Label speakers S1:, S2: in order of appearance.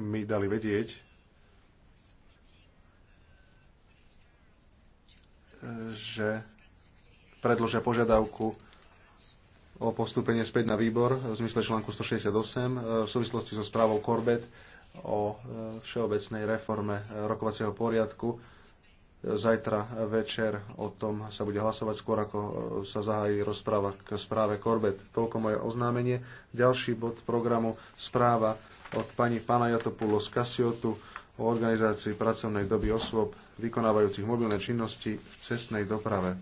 S1: mi dali vedieť,
S2: že predložia požiadavku o postúpenie späť na výbor v zmysle článku 168 e, v súvislosti so správou Corbett o e, všeobecnej reforme rokovacieho poriadku Zajtra večer o tom sa bude hlasovať skôr, ako sa zahájí rozpráva k správe Korbet. Toľko moje oznámenie. Ďalší bod programu správa od pani z Kasiotu o organizácii pracovnej doby osôb vykonávajúcich mobilné činnosti v cestnej doprave.